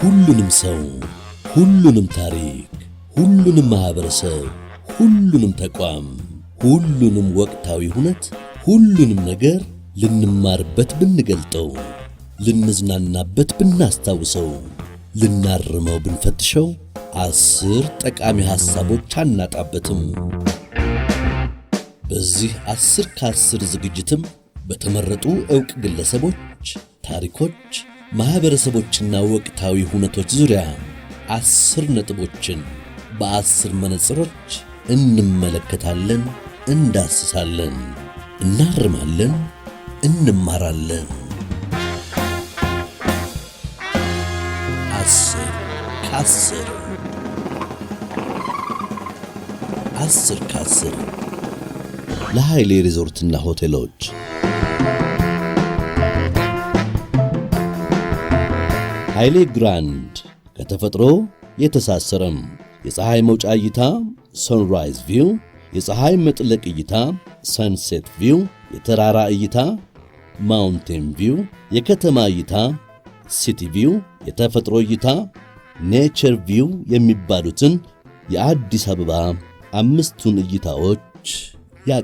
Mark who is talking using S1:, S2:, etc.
S1: ሁሉንም ሰው፣ ሁሉንም ታሪክ፣ ሁሉንም ማህበረሰብ፣ ሁሉንም ተቋም፣ ሁሉንም ወቅታዊ ሁነት፣ ሁሉንም ነገር ልንማርበት ብንገልጠው፣ ልንዝናናበት ብናስታውሰው፣ ልናርመው ብንፈትሸው አስር ጠቃሚ ሐሳቦች አናጣበትም። በዚህ አስር ከአስር ዝግጅትም በተመረጡ ዕውቅ ግለሰቦች ታሪኮች ማኅበረሰቦችና ወቅታዊ ሁነቶች ዙሪያ አስር ነጥቦችን በአስር መነጽሮች እንመለከታለን፣ እንዳስሳለን፣ እናርማለን፣ እንማራለን። አስር ከአስር አስር ከአስር ለኃይሌ ሪዞርትና ሆቴሎች ኃይሌ ግራንድ ከተፈጥሮ የተሳሰረም የፀሐይ መውጫ እይታ ሰንራይዝ ቪው፣ የፀሐይ መጥለቅ እይታ ሰንሴት ቪው፣ የተራራ እይታ ማውንቴን ቪው፣ የከተማ እይታ ሲቲ ቪው፣ የተፈጥሮ እይታ ኔቸር ቪው የሚባሉትን የአዲስ አበባ አምስቱን እይታዎች